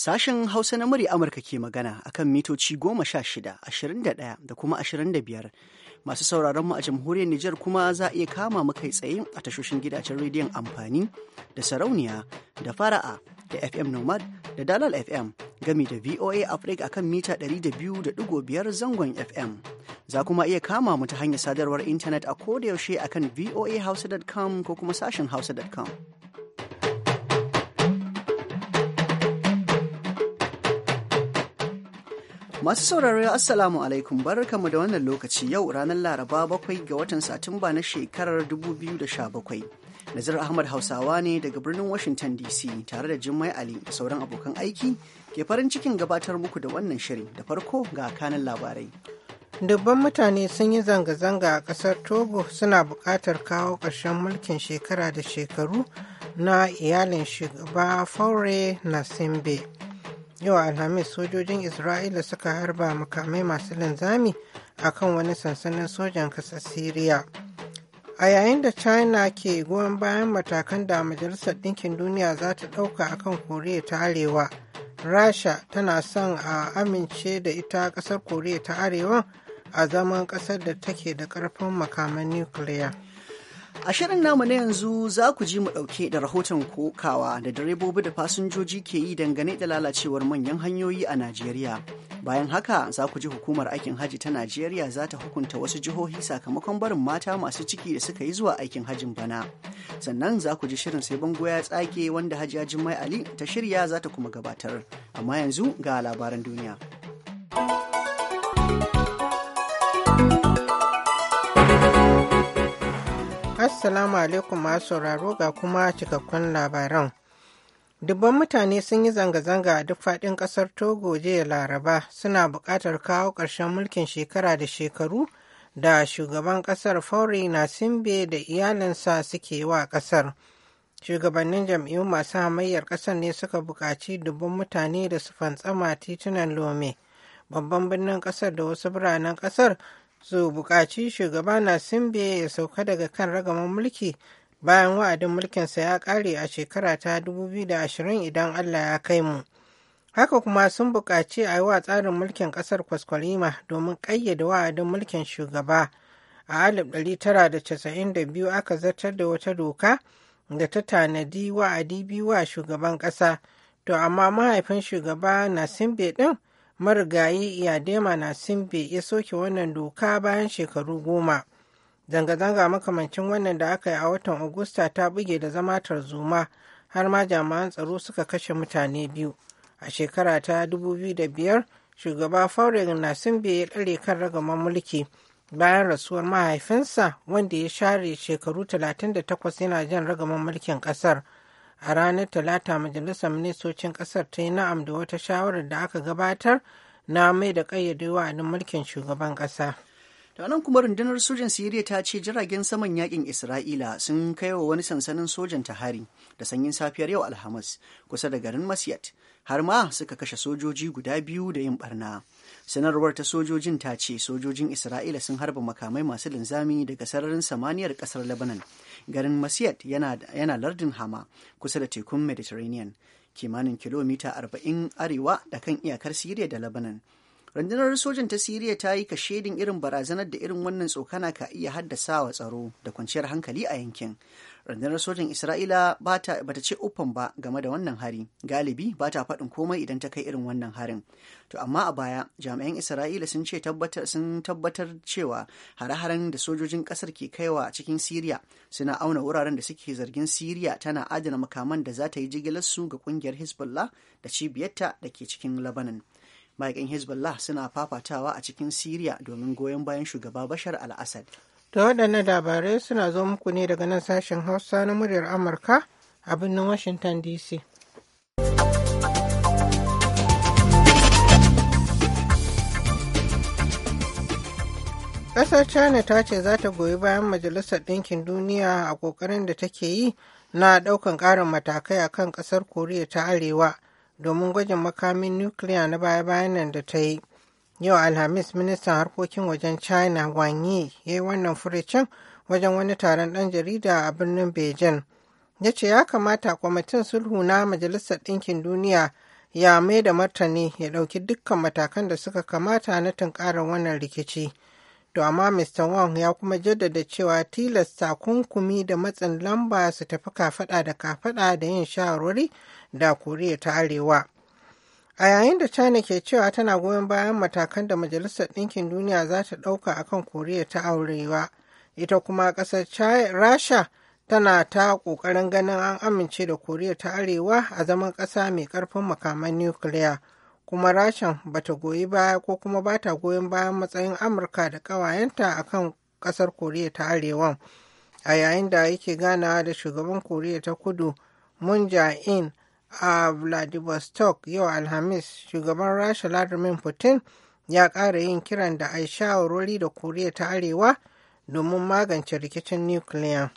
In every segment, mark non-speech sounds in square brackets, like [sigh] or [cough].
Sashen Hausa na murya Amurka ke magana akan mitoci goma sha shida, ashirin da ɗaya da kuma ashirin da biyar. Masu sauraron mu a jamhuriyar Nijar kuma za a iya kama mu kai tsaye a tashoshin gidajen rediyon amfani da sarauniya da fara'a da FM Nomad da Dalal FM gami da VOA Africa akan mita 200.5 zangon FM. Za kuma iya kama mu ta hanyar sadarwar intanet a kodayaushe akan voahausa.com ko kuma sashen hausa.com. Masu sauraro Assalamu alaikum barkamu da wannan lokaci yau ranar Laraba bakwai ga watan Satumba na shekarar 2017. Nazir Ahmad Hausawa ne daga birnin Washington DC tare da Jummai Ali da sauran abokan aiki ke farin cikin gabatar muku da wannan shirin da farko ga kanan labarai. Dubban mutane sun yi zanga-zanga a ƙasar Togo suna buƙatar kawo ƙarshen mulkin shekara da shekaru na iyalin shugaba Faure Nasimbe. yau alhamis sojojin isra'ila suka harba makamai masu linzami a kan wani sansanin sojan kasa syria a yayin da china ke goyon bayan matakan da majalisar ɗinkin duniya za ta ɗauka a kan koriya ta arewa rasha tana son a amince da ita ƙasar koriya ta arewa a zaman ƙasar da take da ƙarfin makaman nukiliya. A shirin namu na yanzu za ku ji mu ɗauke da rahoton kokawa da direbobi da fasinjoji ke yi dangane da lalacewar manyan hanyoyi a Najeriya. Bayan haka za ku ji hukumar aikin haji ta Najeriya za ta hukunta wasu jihohi sakamakon barin mata masu ciki da suka yi zuwa aikin hajin bana. Sannan za ku ji shirin sai bango ya tsage wanda Hajiya Jummai Ali ta shirya za ta kuma gabatar. Amma yanzu ga labaran duniya. Assalamu alaikum masu sauraro ga kuma cikakkun labaran. Dubban mutane sun yi zanga-zanga a duk faɗin ƙasar Togo jiya Laraba suna buƙatar kawo ƙarshen mulkin shekara da shekaru da shugaban ƙasar fauri na simbe da iyalinsa suke wa ƙasar. Shugabannin jam'iyyun masu hamayyar ƙasar ne suka buƙaci dubban mutane da su fantsama titunan Lome. Babban birnin ƙasar da wasu biranen ƙasar su buƙaci shugaba na simbe ya sauka daga kan ragaman mulki bayan wa'adin mulkinsa ya ƙare a shekara ta 2020 idan allah ya kai mu haka kuma sun buƙaci a yi wa tsarin mulkin ƙasar kwaskwalima domin ƙayyade wa'adin mulkin shugaba a 1992 aka zartar da wata doka da ta tanadi wa'adi biyu wa shugaban ƙasa to amma mahaifin shugaba na simbe ɗin marigayi iyadema na simbe ya soke wannan doka bayan shekaru goma zanga-zanga makamancin wannan da aka yi a watan Agusta ta buge da zama tarzoma har ma jami'an tsaro suka kashe mutane biyu. A shekara ta 2005, shugaba Faurin simbe ya tsare kan ragaman mulki bayan rasuwar mahaifinsa wanda ya share shekaru 38 yana jan ragaman mulkin kasar. a ranar talata majalisar ministocin kasar ta yi na'am da wata shawarar da aka gabatar na mai da ƙayyadewa a mulkin shugaban ƙasa. da wannan kuma rundunar sojan siriya ta ce jiragen saman yakin isra'ila sun kai wa wani sansanin sojan ta hari da sanyin safiyar yau alhamis kusa da garin Masyat har ma suka kashe sojoji guda biyu da yin barna sanarwar ta sojojin ta ce sojojin isra'ila sun harba makamai masu linzami daga sararin samaniyar kasar lebanon garin masiyat yana lardin hama kusa da tekun mediterranean kimanin kilomita 40 arewa da kan iyakar siriya da lebanon rundunar sojan ta siriya ta yi kashedin irin barazanar da irin wannan tsokana ka iya haddasa wa tsaro da kwanciyar hankali a yankin rundunar sojin isra'ila bata bata ce uffan ba game da wannan hari galibi ba ta faɗin komai idan ta kai irin wannan harin to amma a baya jami'an isra'ila sun ce tabbatar sun tabbatar cewa hare-haren da sojojin ƙasar ke kaiwa a cikin siriya suna auna wuraren da suke zargin siriya tana adana makaman da za ta yi jigilar su ga ƙungiyar hezbollah da cibiyarta da ke cikin lebanon mayakan hezbollah suna fafatawa a cikin siriya domin goyon bayan shugaba bashar al-assad Da waɗannan labarai suna zo muku ne daga nan sashen Hausa na muryar Amurka a birnin Washington DC. Ƙasar China ta ce za ta goyi bayan Majalisar Ɗinkin Duniya a ƙoƙarin da take yi na ɗaukan ƙarin matakai a kan ƙasar Koriya ta Arewa domin gwajin makamin nukiliya na baya-bayan nan da ta yi. Yau Alhamis ministan harkokin wajen China Wang Yi ya yi wannan furicin wajen wani taron ɗan jarida a birnin Beijing. Ya ce ya kamata kwamitin sulhu na Majalisar Ɗinkin Duniya ya mai da martani ya ɗauki dukkan matakan da suka kamata na tunkarar wannan rikici. To amma Mr. Wang ya kuma jaddada cewa tilasta kunkumi da matsin lamba su tafi kafaɗa da kafaɗa da yin shawarwari da Koriya ta Arewa. A yayin da China ke cewa tana goyon bayan matakan da Majalisar Ɗinkin Duniya za ta ɗauka a kan Koriya ta Arewa, ita kuma ƙasar Rasha tana ta ƙoƙarin ganin an amince da Koriya ta Arewa a zaman ƙasa mai ƙarfin makaman nukiliya. Kuma ba ta goyi baya ko kuma ba ta goyon bayan matsayin Amurka da ƙawayenta a kan ƙasar Koriya ta Arewan. A yayin da yake ganawa da shugaban Koriya ta Kudu, Moon Jae-in, a vladivostok yau alhamis shugaban rasha vladimir putin ya ƙara yin kiran da a shawarwari da koriya ta arewa domin magance rikicin nukiliya.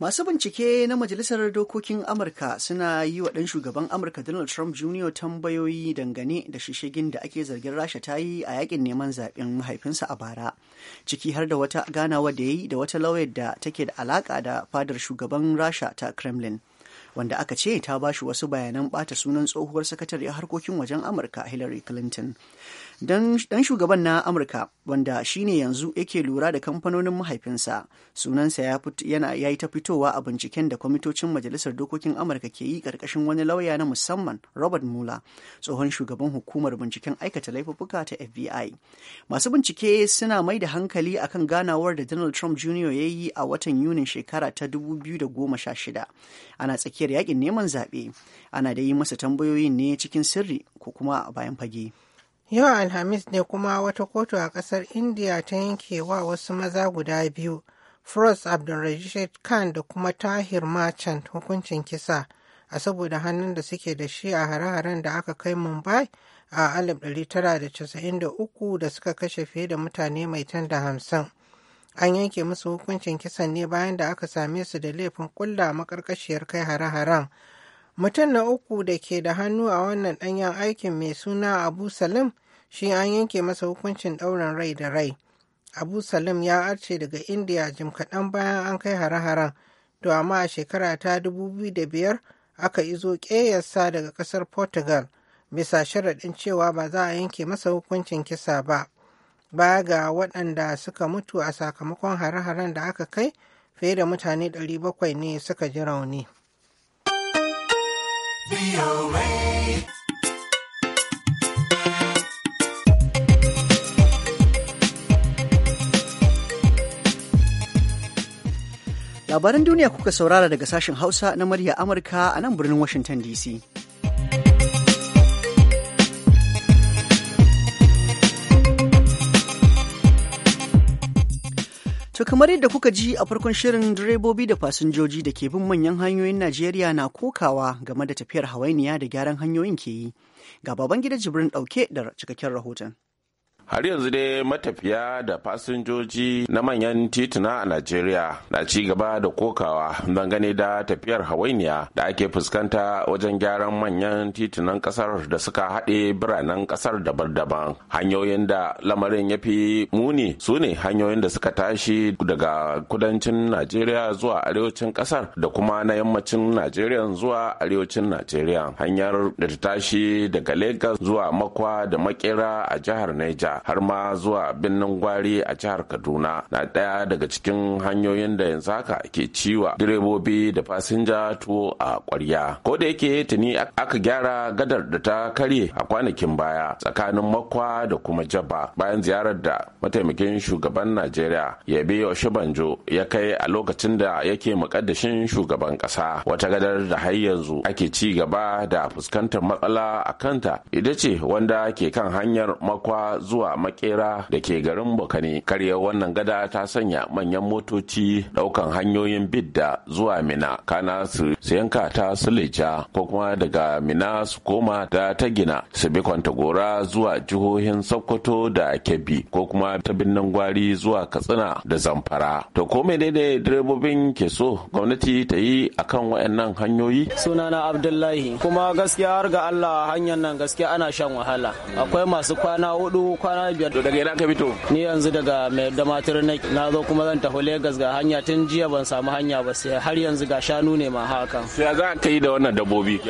Masu bincike na Majalisar Dokokin Amurka suna yi wa ɗan shugaban Amurka Donald Trump Jr. tambayoyi dangane da shishigin da ake zargin Rasha ta yi a yakin neman zaɓen mahaifinsa a bara, ciki har da wata ganawa da yi da wata lauyar da take da alaƙa da fadar shugaban Rasha ta Kremlin. wanda aka ce ta ba shi wasu bayanan bata sunan tsohuwar sakatariyar harkokin wajen amurka hillary clinton dan shugaban na amurka wanda shine yanzu yake lura da kamfanonin mahaifinsa sunansa ya yana yayi ta fitowa a binciken da kwamitocin majalisar dokokin amurka ke yi karkashin wani lauya na musamman robert mueller tsohon shugaban hukumar binciken aikata laifuffuka ta fbi masu bincike suna mai da hankali akan ganawar da donald trump jr ya yi a watan yunin shekara ta 2016 ana tsakiyar yakin neman zaɓe ana da yi masa tambayoyin ne cikin sirri ko kuma bayan fage. Yau Alhamis ne kuma wata kotu a kasar India ta yanke wa wasu maza guda biyu, Frost Abdulrashid Khan da kuma Tahir Merchant hukuncin kisa a saboda hannun da suke da shi a hare-haren da aka kai Mumbai a 1993 da suka kashe fiye da mutane mai da hamsin. An yanke musu hukuncin kisan ne bayan da aka same su da laifin kulla makarkashiyar kai hare-haren mutum na uku da ke da hannu a wannan ɗanyen aikin mai suna abu salim shi an yanke masa hukuncin ɗaurin rai da rai abu salim ya arce daga indiya jim kaɗan bayan an kai hare-haren to amma a shekara ta dubu biyu da 2005 aka izo ƙeyarsa daga ƙasar portugal bisa sharaɗin cewa ba za a yanke masa hukuncin kisa ba baya ga waɗanda suka mutu a sakamakon hare-haren da aka kai fiye da mutane 700 ne suka ji rauni. Labaran duniya kuka saurara daga sashen Hausa na murya Amurka a nan birnin Washington DC. To kamar yadda kuka ji a farkon shirin direbobi da fasinjoji da ke bin manyan hanyoyin Najeriya na kokawa game da tafiyar hawainiya da gyaran hanyoyin ke yi. Ga baban gida Jibrin ɗauke da cikakken rahoton. har yanzu dai matafiya da fasinjoji na manyan tituna a najeriya na ci gaba da kokawa dangane da tafiyar hawainiya da ake fuskanta wajen gyaran manyan titunan kasar da suka haɗe biranen kasar daban-daban hanyoyin da lamarin ya fi muni su ne hanyoyin da suka tashi daga kudancin najeriya zuwa arewacin kasar da kuma na yammacin najeriya zuwa arewacin najeriya hanyar da ta tashi daga lagos zuwa makwa da makera a jihar niger har ma zuwa birnin Gwari a jihar Kaduna na ɗaya daga cikin hanyoyin da yanzu haka ke ciwa direbobi da fasinja tuwo a ƙwarya. Ko da yake tuni aka gyara gadar da ta karye a kwanakin baya tsakanin makwa da kuma jaba bayan ziyarar da mataimakin shugaban Najeriya Yabe Oshibanjo ya kai a lokacin da yake mukaddashin shugaban ƙasa wata gadar da har yanzu ake ci gaba da fuskantar matsala a kanta ita ce wanda ke kan hanyar makwa zuwa zuwa makera da ke garin Bokane. Karyar wannan gada ta sanya manyan motoci daukan hanyoyin bidda zuwa Mina kana su yanka ta Suleja ko kuma daga Mina su koma da ta gina su bi Kwantagora zuwa jihohin Sokoto da Kebbi ko kuma ta binnan gwari zuwa Katsina da Zamfara. To ko menene direbobin ke so gwamnati ta yi akan waɗannan hanyoyi? Sunana Abdullahi kuma gaskiya har ga Allah hanyar nan gaskiya ana shan wahala. Akwai masu kwana hudu kwana biyar daga ina ka fito ni yanzu daga mai damatar na na zo kuma zan tafi Legas ga hanya tun jiya ban samu hanya ba sai har yanzu ga shanu ne ma haka sai za ka yi da wannan dabbobi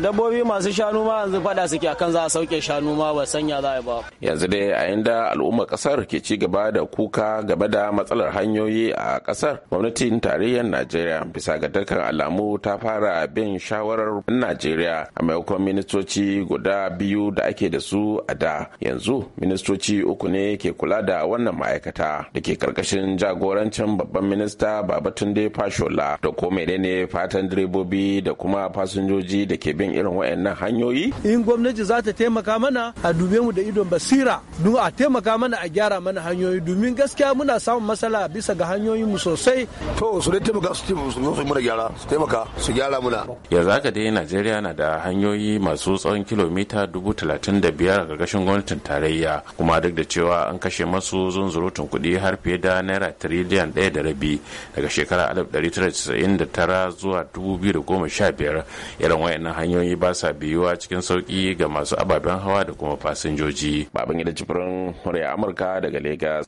dabbobi masu shanu ma yanzu fada suke akan za a sauke shanu ma ba sanya za a ba yanzu dai a inda al'ummar kasar ke ci gaba da kuka gaba da matsalar hanyoyi a kasar gwamnatin tarayyar Najeriya bisa ga dukkan alamu ta fara bin shawarar Najeriya a maimakon ministoci guda biyu da ake da su a da yanzu ministoci uku ne ke kula da wannan ma'aikata da ke karkashin jagorancin babban minista babatunde fashola da ko menene fatan direbobi da kuma fasinjoji da ke bin irin wayannan hanyoyi in gwamnati za ta taimaka mana a dube mu da idon basira don a taimaka mana a gyara mana hanyoyi domin gaskiya muna samun matsala bisa ga hanyoyin mu sosai to su dai taimaka su taimaka su gyara su taimaka su gyara muna yanzu haka dai najeriya na da hanyoyi masu tsawon kilomita dubu talatin da biyar a gargashin gwamnatin tarayya kuma duk da cewa an kashe masu zunzurutun kuɗi har fiye da naira tiriliyan ɗaya da rabi daga shekara 1999 zuwa 2015 irin wayannan hanyoyi ba sa biyuwa cikin sauki ga masu ababen hawa da kuma fasinjoji babangida jibrin murya amurka daga lagos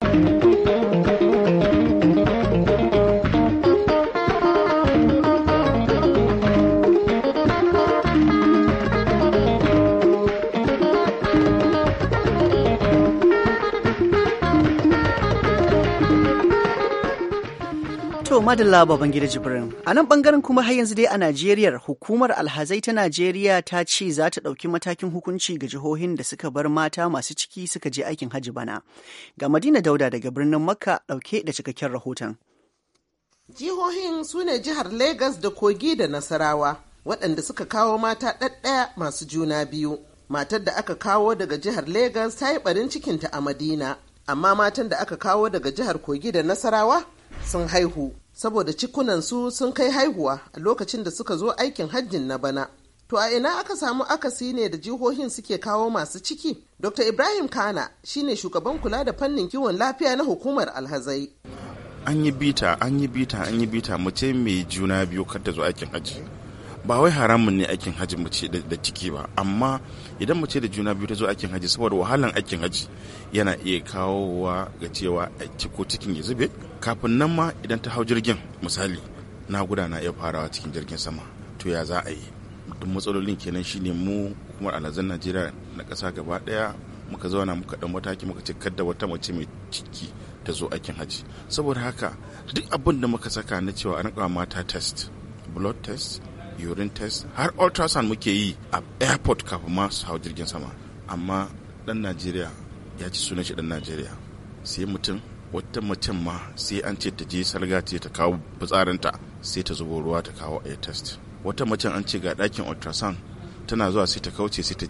madalla Babangida Jibrin. A nan bangaren kuma har yanzu dai a Najeriya hukumar alhazai ta Najeriya ta ce za ta ɗauki matakin hukunci ga jihohin da suka bar mata masu ciki suka je aikin hajji bana. Ga Madina Dauda daga birnin Makka ɗauke da cikakken rahoton. Jihohin su ne jihar lagos da Kogi da Nasarawa waɗanda suka kawo mata ɗaɗɗaya masu juna biyu. Matar da aka kawo daga jihar lagos ta yi ɓarin cikinta a Madina, amma matan da aka kawo daga jihar Kogi da Nasarawa sun haihu saboda cikunansu sun kai haihuwa a lokacin da suka zo aikin hajjin na bana. To a ina aka samu akasi ne da jihohin suke kawo masu ciki? Dr. Ibrahim Kana shine shugaban kula da fannin kiwon lafiya na hukumar alhazai. An yi bita, an yi bita, an yi bita mace mai juna biyu kada zo aikin hajji. ba wai haramun ne aikin hajji mace da ciki ba amma idan mace da juna biyu ta zo aikin hajji saboda wahalan aikin hajji yana iya kawowa ga cewa a ko cikin ya zube kafin nan ma idan ta hau jirgin misali na gudana iya farawa cikin jirgin sama to ya za a yi duk matsalolin kenan shine mu kuma alazan najeriya na kasa gaba ɗaya muka zauna muka ɗan mataki muka ce kadda wata mace mai ciki ta zo aikin hajji saboda haka duk abin da muka saka na cewa an mata test blood test urine test har ultrasound muke yi a airport kafin ma su hau jirgin sama amma dan najeriya ya ci sunan shi dan najeriya sai mutum wata mutum ma sai an ce ta je salga ce ta kawo fitsarinta sai ta zubo ruwa ta kawo air test wata mutum an ce ga dakin ultrasound tana zuwa sai ta kauce sai ta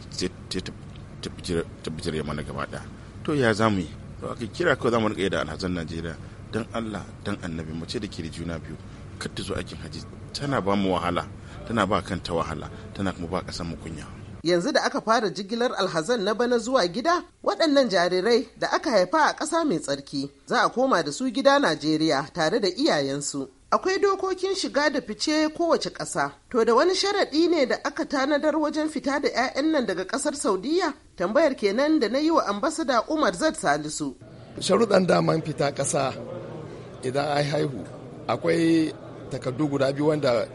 bijire mana gaba daya to ya za mu yi to aka kira kawai za mu yi da alhazan najeriya dan allah dan annabi mace da ke da juna biyu kar ta zo aikin haji tana ba mu wahala tana ba kanta wahala tana kuma ba kasan mukunya. yanzu da aka fara jigilar alhazan na bana zuwa gida waɗannan jarirai da aka haifa a ƙasa mai tsarki za a koma da su gida najeriya tare da iyayensu akwai dokokin shiga da fice kowace ƙasa to da wani sharaɗi ne da aka tanadar wajen fita da 'ya'yan nan daga ƙasar saudiya tambayar kenan da na yi wa ambasada umar zad salisu sharuɗan daman fita ƙasa idan ai haihu akwai takardu guda biyu wanda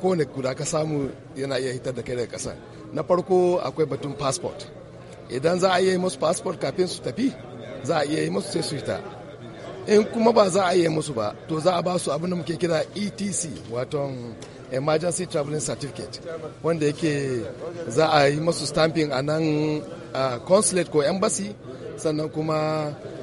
kowane guda ka samu yana iya hitar da kai daga ƙasa na farko akwai batun passport idan za a iya yi musu passport kafin su tafi za a iya yi musu sai su hita in kuma ba za a iya musu ba to za a ba su abin da muke kira etc wato emergency traveling certificate wanda yake za a yi musu stamping a nan consulate ko embassy sannan kuma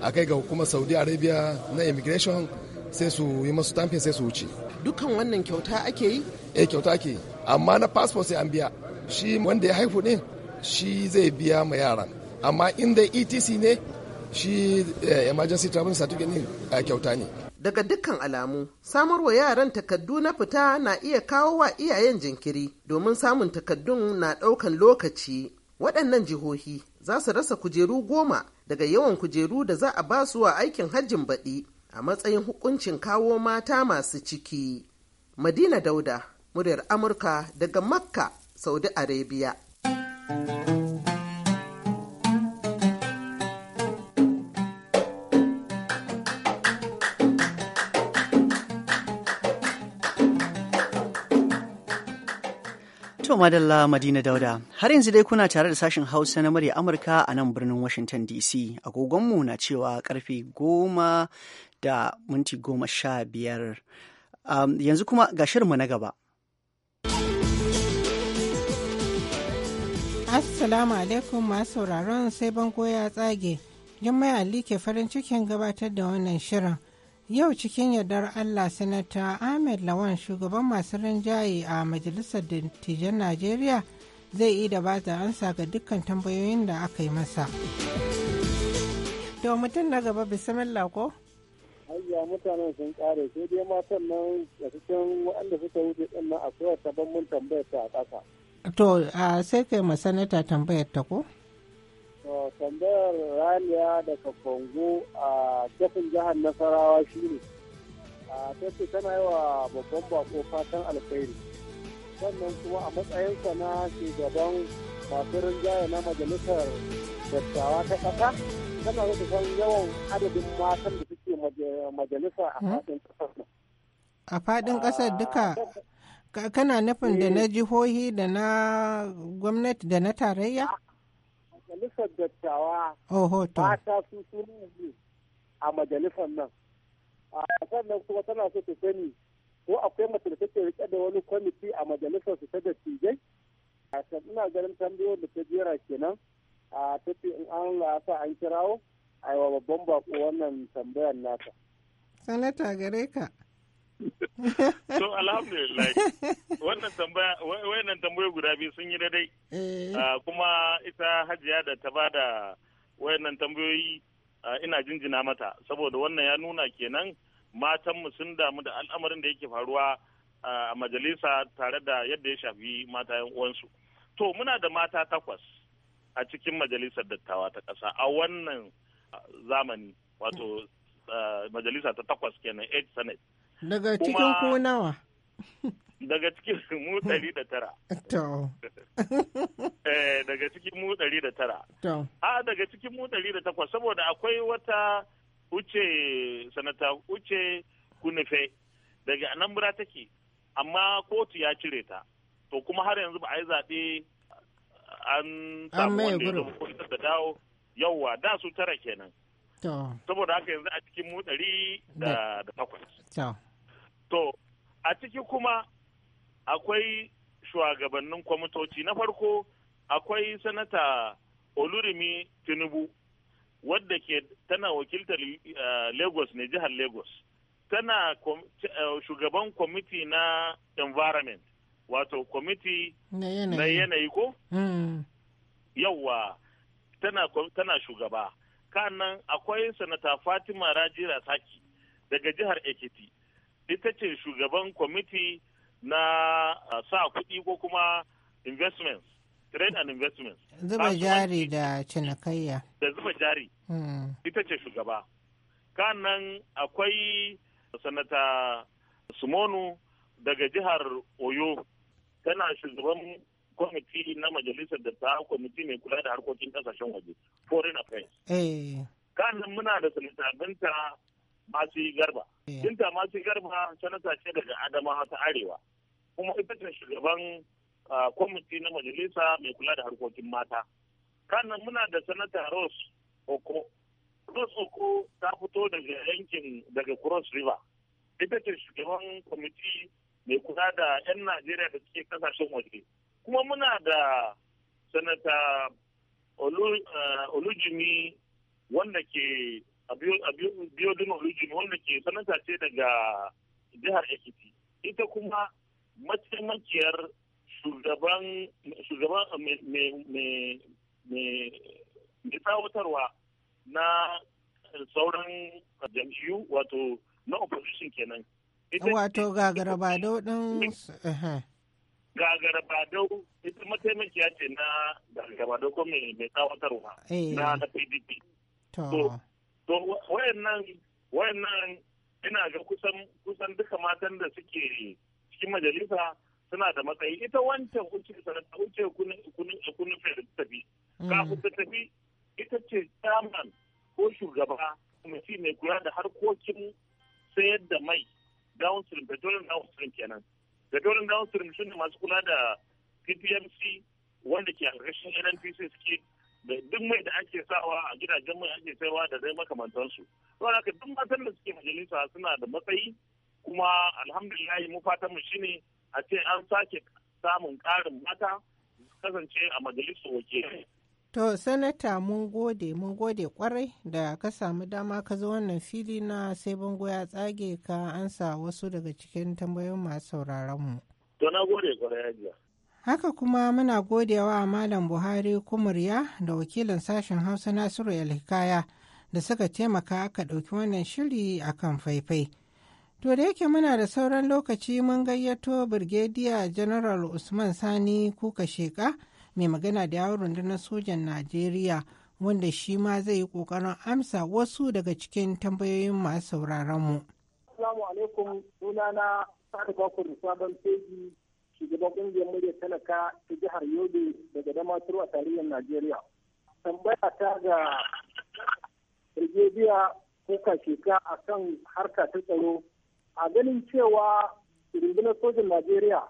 a kai ga hukumar saudi arabia na immigration sai su yi masu tamfin sai su wuce dukan wannan kyauta ake yi eh kyauta ake yi amma na passport sai an biya shi wanda ya haihu ne shi zai biya ma yaran amma inda etc ne shi eh, emergency travel certificate ne eh, kyauta ne daga dukkan alamu samarwa yaran takaddu na fita na iya kawo wa iyayen jinkiri domin samun takaddun na ɗaukan lokaci waɗannan jihohi za su rasa kujeru goma daga yawan kujeru da za a basu wa aikin hajjin baɗi a matsayin hukuncin kawo mata masu ciki. Madina Dauda, muryar Amurka daga Makka, Saudi Arabia. To madalla Madina Dauda, har yanzu dai kuna tare da sashen Hausa na murya Amurka a nan birnin Washington DC. Agogonmu na cewa karfe goma da minti goma sha biyar. Um, yanzu kuma ga shirinmu na gaba. Assalamu alaikum masu sauraron sai bango ya tsage. Jummai Ali ke farin cikin gabatar da wannan shirin. Yau cikin yardar Allah Sanata Ahmed Lawan shugaban masu rinjaye a Majalisar Dattijan Najeriya zai yi da bata ansa ga dukkan tambayoyin da aka yi masa. To mutum na gaba bismillah ko? Hayya mutanen sun kare sai dai matan nan da cikin waɗanda suka wuce din nan akwai sabon mun tambayar ta a ƙasa. To sai kai ma sanata tambayar ta ko? tambayar raliya daga kongo a kafin jihar nasarawa shine a tafi tana yi wa babban bako fatan alkhairi sannan kuma a matsayinsa na shugaban masu rinjaye na majalisar dattawa ta ƙasa tana da san yawan adadin matan da suke majalisa hmm? a faɗin ƙasar a fadin ƙasar duka kana nufin da na eh. jihohi da na gwamnati da na tarayya? majalisar dattawa ta su su a majalisar nan a sannan kuma tana so ta sani ko akwai mace da take rike da wani kwamiti a majalisar su ta dattijai a san ina ganin tambayoyin da ta jera kenan a ta in an lasa an kirawo a yi wa babban bako wannan tambayar nata. sanata gare ka. to alhamdulillah wannan tambaya wayannan tambayoyi guda biyu sun yi daidai eh. ah, kuma ita hajiya da ta bada wayannan tambayoyi ah, ina jinjina mata saboda wannan ya nuna kenan matanmu sun damu da al'amarin da yake faruwa ah, a majalisa tare da yadda ya shafi mata yan uwansu to muna da mata takwas a cikin majalisar dattawa ta ƙasa a wannan zamani wato majalisa ta takwas kenan 8 senate Daga cikin ko nawa? Daga cikin mu ɗari da tara. To. [laughs] Eh, daga cikin mu ɗari da tara. To. A daga cikin mu ɗari da takwas saboda akwai wata uce sanata uce kunufe daga anambra take amma kotu ya cire ta. To kuma har yanzu ba a yi zaɓe an samu wanda ya da dawo yauwa da su tara kenan. Saboda haka yanzu a cikin mu ɗari da takwas. to a ciki kuma akwai shugabannin kwamitoci na farko akwai sanata olurimi tinubu wadda ke tana wakiltar eh, lagos ne jihar lagos tana eh, shugaban kwamiti na environment wato kwamiti na yanayi ko hmm. yauwa tana shugaba kanan akwai sanata fatima rajira saki daga jihar ekiti ita ce shugaban kwamiti na uh, sa kuɗi ko kuma investments trade and investments zuba jari da cinikayya da zuba jari hmm. ita ce shugaba kanan akwai sanata sumonu daga jihar oyo tana shugaban kwamiti na majalisar da ta kwamiti mai kula da harkokin kasashen waje foreign affairs eh. kanan muna da sanata binta masu garba binta masu garba sanata ce daga adama ta arewa kuma ita ce shugaban kwamiti na majalisa mai kula da harkokin mata kanan muna da sanata rose oko rose oko ta fito daga yankin daga cross river ita ce shugaban kwamiti mai kula da 'yan najeriya da suke kasashen waje kuma muna da sanata olujimi wanda ke a Abiodun Origin wanda ke sanata ce daga jihar Ekiti. Ita kuma mataimakiyar shugaban eh, mai tsawatarwa na sauran jam'iyyu wato na opposition kenan. Wato ga ɗin gagarabadau ita mataimakiya ce na gagarabadau ko mai tsawatarwa eh. na pdp. To. to wayannan nan ina ga kusan kusan duka matan da suke cikin majalisa suna da matsayi ita wancan uce sanata uce kunin kunin kunin da tafi mm. kafin ta tafi ita ce chairman ko shugaba shi mai kula da harkokin sayar da mai downstream petroleum downstream kenan petroleum downstream shine masu kula da ppmc wanda ke a ƙarƙashin nnpc suke da duk mai da ake sawa a gidajen mai ake saiwa da dai makamantansu saboda haka duk matan da suke majalisa suna da matsayi kuma alhamdulillahi mu fatan mu shine a ce an sake samun karin mata kasance a majalisar wake To, Sanata mun gode, mun gode kwarai da ka samu dama ka zo wannan fili na sai bango ya tsage ka ansa wasu daga cikin tambayoyin masu mu To, na gode kwarai, jiya. Haka kuma muna godewa Malam Buhari kumurya da wakilin sashen Hausa Nasiru Alhikaya da suka taimaka aka ɗauki wannan shiri a kan faifai. To da yake muna da sauran lokaci mun gayyato Birgediya General Usman Sani kuka sheka mai magana da yawon rundunar sojan Najeriya wanda shi ma zai yi ƙoƙarin amsa wasu daga cikin tambayoyin masu sauraronmu. Assalamu alaikum sunana Sabon Teji shugaban kungiyar murya talaka ta jihar yobe daga dama a tarihin najeriya tambaya ta ga birgediya ko kasheka a kan harka ta tsaro a ganin cewa rundunar sojin najeriya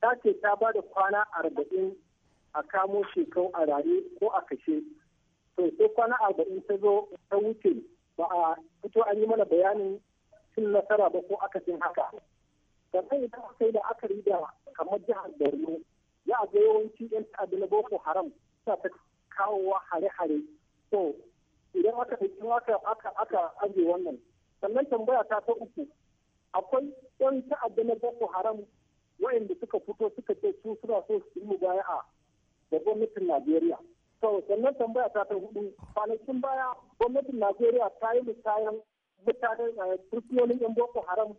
ta ce ta ba da kwana arba'in a kamo shekau a rare ko a kashe to sai kwana arba'in ta zo ta wuce ba a fito an yi mana bayanin cin nasara ba ko akasin haka sannan idan aka yi da aka yi da kamar jihar borno ya ga yawanci yan ta'adda na boko haram sa ta kawowa hare-hare to idan aka yi aka aka aka aje wannan sannan tambaya ta ta uku akwai yan ta'adda na boko haram wa'inda suka fito suka ce su suna so su yi baya'a da gwamnatin najeriya So sannan tambaya ta ta hudu kwanakin baya gwamnatin najeriya ta yi misayan mutanen turkiyoyin eh, yan boko haram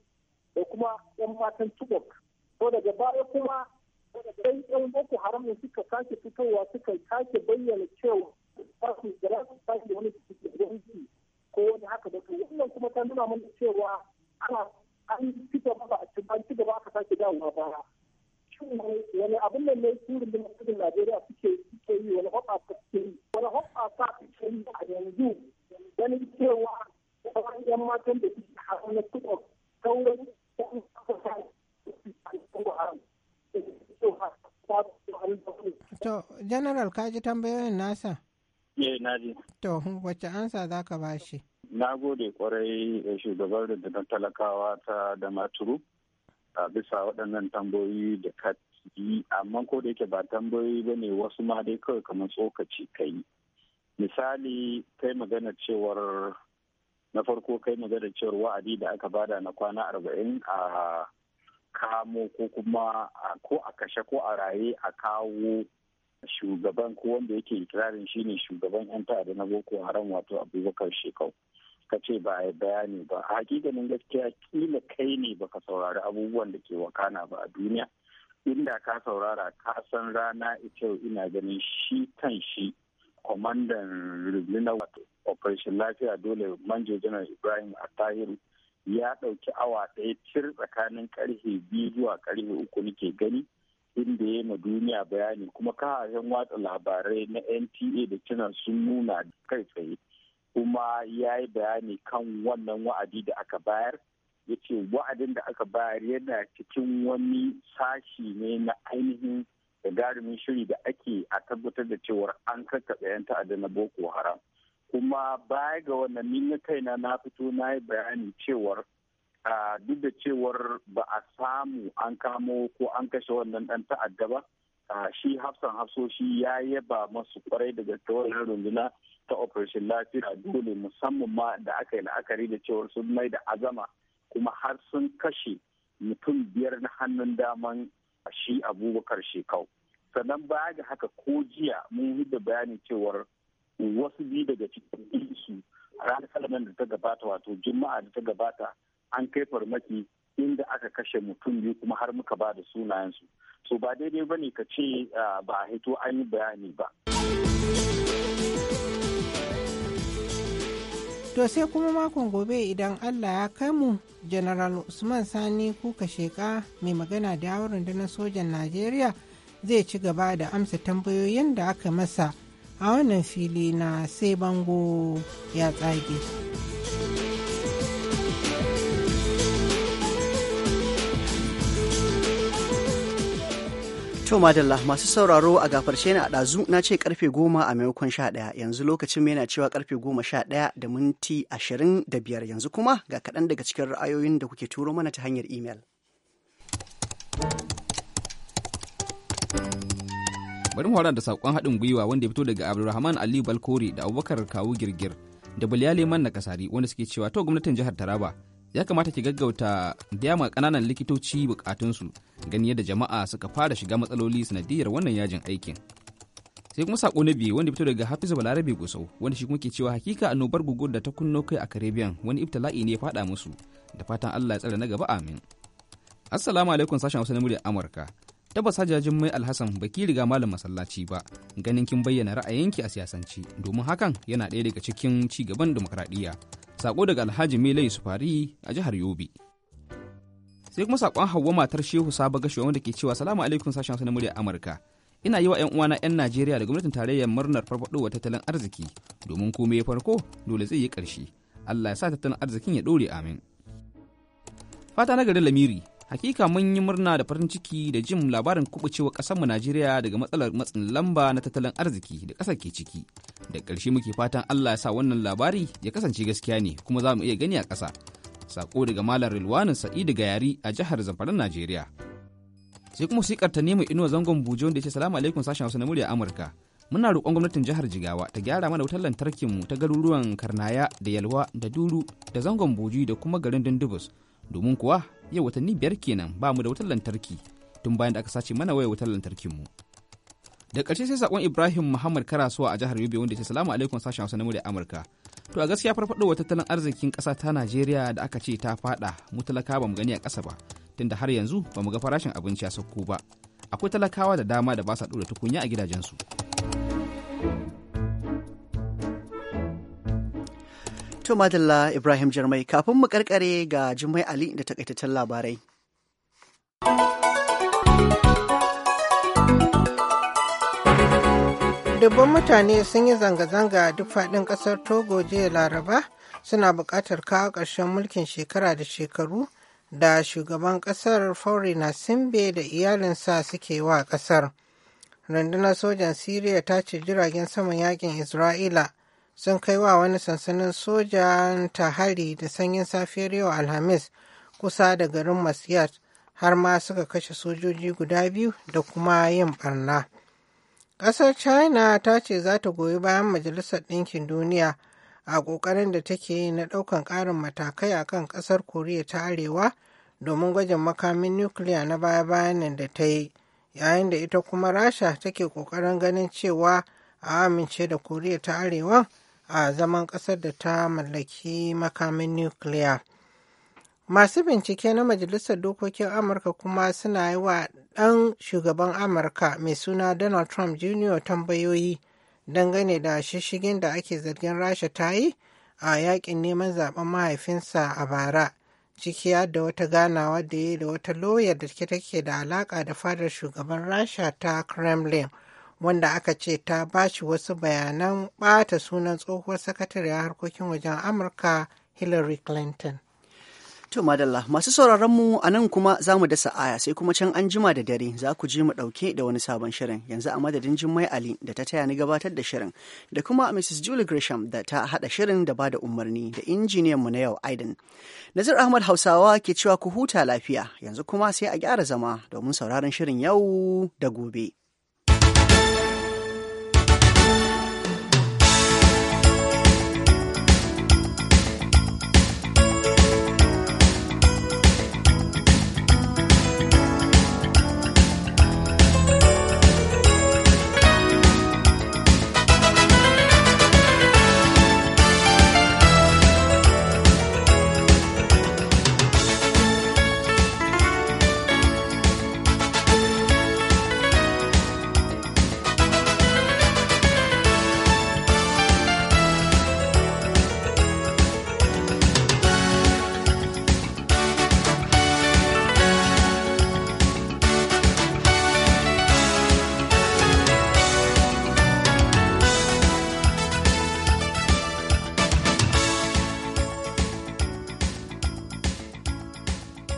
da kuma 'yan matan tubok ko daga baya kuma sai 'yan Boko Haram ne suka sake fitowa suka sake bayyana cewa ba su da sake wani gwamnati ko wani haka da wannan kuma ta nuna mana cewa ana an ci ba a cikin an cigaba aka sake dawowa ba wani abin nan ne turin da mutum Najeriya suke suke yi wani hoɓɓasa suke yi wani hoɓɓasa suke yi a yanzu ganin cewa 'yan matan da suke haram na Chibok sauran To, General ka ji tambayoyin nasa? Eh, na ji. To, wacce ansa za ka ba shi? Na gode kwarai shugabar rundunar talakawa ta da maturu a bisa waɗannan tambayoyi da ka yi, amma ko da yake ba tambayoyi ba ne wasu ma dai kawai kamar tsokaci ka yi. Misali, kai magana cewar na farko kai magana cewar wa'adi da aka bada na kwana arba'in a kamo ko kuma ko a kashe ko a raye a kawo shugaban ko wanda yake ikirarin shine shugaban yan ta'adda na boko haram wato abubakar shekau ka ce ba a bayani ba a hakikanin gaskiya kila kai ne baka saurari abubuwan da ke wakana ba a duniya inda ka saurara ka san rana ita ina ganin shi kan shi kwamandan wato operation lafiya dole manjo janar ibrahim al-tahiru ya ɗauki awa ɗaya cir tsakanin karfe biyu zuwa karfe uku nake gani abin da ya ma duniya bayani kuma kafafen watsa labarai na nta da kiran sun nuna kai tsaye kuma ya yi bayani kan wannan wa'adi da aka bayar ya ce wa'adin da aka bayar yana cikin wani sashi ne na ainihin gagarumin shiri da ake a tabbatar da cewar an kakkaɓe 'yan ta'adda na boko haram kuma baya ga wannan ni na kaina na fito na yi bayani cewar duk da cewar ba a samu an kamo ko an kashe wannan dan ta'adda ba shi hafsan hafsoshi ya yaba masu kwarai daga gaske wannan runduna ta operation lafiya dole musamman ma da aka yi la'akari da cewar sun mai da azama kuma har sun kashe mutum biyar na hannun daman shi abubakar shekau sannan baya ga haka ko jiya mun da bayanin cewar wasu biyu daga cikin su ranar salamin da ta gabata wato juma'a da ta gabata an kai farmaki inda aka kashe mutum biyu kuma har muka ba da sunayensu so ba daidai ba ne ka ce ah, ba a hito an yi bayani ba to sai kuma makon gobe idan allah ya kai mu general usman sani kuka sheka mai magana da yawon rundunar sojan najeriya zai ci gaba da amsa tambayoyin da aka masa a wannan fili na sai bango ya tsage. To madalla masu sauraro a gafarshe na ɗazu na ce karfe goma a maimakon sha ɗaya yanzu lokacin yana cewa karfe goma sha ɗaya da minti ashirin da biyar yanzu kuma ga kaɗan daga cikin ra'ayoyin da kuke turo mana ta hanyar imel. Bari mu da saƙon haɗin gwiwa wanda ya fito daga Abdulrahman Aliyu Balkore da Abubakar Kawu Girgir da Bulyale Manna Kasari wanda suke cewa to gwamnatin jihar Taraba ya kamata ki gaggauta biya ma ƙananan likitoci bukatunsu gani yadda jama'a suka fara shiga matsaloli sanadiyar wannan yajin aikin sai kuma sako na biyu wanda fito daga hafizu balarabe gusau wanda shi kuma ke cewa hakika annobar guguwar da ta kunno kai a caribbean wani ibtila'i ne ya fada musu da fatan allah ya tsare na gaba amin assalamu alaikum sashen hausa na amurka tabbas hajjajin mai alhassan ba ki riga malam masallaci ba ganin kin bayyana ra'ayinki a siyasance domin hakan yana ɗaya daga cikin ci gaban dimokuraɗiyya Sako daga Alhaji Mele fari a jihar Yobe. Sai kuma sakon Hauwa matar Shehu Saba gashi wanda ke cewa salamu alaikum sashen na murya Amurka. Ina yi wa 'yan uwana 'yan Najeriya da gwamnatin tarayya murnar farfaɗowa tattalin arziki domin komai ya farko dole zai yi ƙarshe. Allah ya sa tattalin arzikin ya ɗore amin. Fata na garin Lamiri hakika mun yi murna da farin ciki da jin labarin kubucewa ƙasarmu najeriya daga matsalar matsin lamba na tattalin arziki da ƙasar ke ciki da ƙarshe muke fatan allah ya sa wannan labari ya kasance gaskiya ne kuma za mu iya gani a ƙasa sako daga malam rilwanin sa'idu gayari a jihar zamfara najeriya sai kuma sikar ne nemo ino zangon bujo da ya ce salamu alaikum sashen hausa na murya amurka muna roƙon gwamnatin jihar jigawa ta gyara mana wutar lantarkinmu ta garuruwan karnaya da yalwa da duru da zangon buji da kuma garin dindibus domin kuwa yau watanni biyar kenan ba mu da wutar lantarki tun bayan da aka sace mana waya wutar mu da ƙarshe sai sakon ibrahim muhammad karasuwa a jihar yobe wanda ya ce salamu alaikum sashen hausa na murya amurka to a gaskiya wa tattalin arzikin ƙasa ta najeriya da aka ce ta faɗa mu talaka ba mu gani a ƙasa ba tunda har yanzu ba mu ga farashin abinci a sauko ba akwai talakawa da dama da ba sa ɗora tukunya a gidajensu. To Madalla Ibrahim Jarmai kafin mu karkare ga Jummai Ali da takaitaccen labarai. Dubban mutane sun yi zanga-zanga duk faɗin ƙasar Togo jiya Laraba suna buƙatar kawo ƙarshen mulkin shekara da shekaru da shugaban ƙasar na simbe da iyalinsa suke wa ƙasar. Rundunar sojan Siriya ta ce jiragen saman yakin Isra'ila sun kai wa wani sansanin soja ta hari da sanyin safiyar yau alhamis kusa da garin Masyat, har ma suka kashe sojoji guda biyu da kuma yin barna ƙasar china ta ce za ta goyi bayan majalisar ɗinkin duniya a ƙoƙarin da take yi na ɗaukan ƙarin matakai a kan ƙasar koriya ta arewa domin gwajin makamin nukiliya na baya-bayan nan da ta yi yayin da ita kuma rasha take ƙoƙarin ganin cewa a amince da koriya ta arewa a zaman ƙasar da ta mallaki makamin nukiliya. Masu bincike na Majalisar Dokokin Amurka kuma suna yi wa ɗan shugaban Amurka mai suna Donald Trump Jr. tambayoyi dangane da shishigin da ake zargin Rasha ta yi a yakin neman zaben mahaifinsa a bara. cikiya da wata ganawa da ya da wata loyar da take da alaka da fadar shugaban rasha ta kremlin wanda aka ce ta bashi wasu bayanan bata sunan tsohuwar a harkokin wajen amurka hillary clinton To madalla masu sauraron mu a nan kuma za mu dasa aya sai kuma can an jima da dare za ku je mu ɗauke da wani sabon shirin yanzu a madadin Jummai Ali da ta taya ni gabatar da shirin da kuma Mrs. Julie gresham da ta hada shirin da bada umarni da injiniyan mu na yau Aidan. Nazir Ahmad Hausawa ke cewa ku huta lafiya yanzu kuma sai a gyara zama domin sauraron shirin yau da gobe.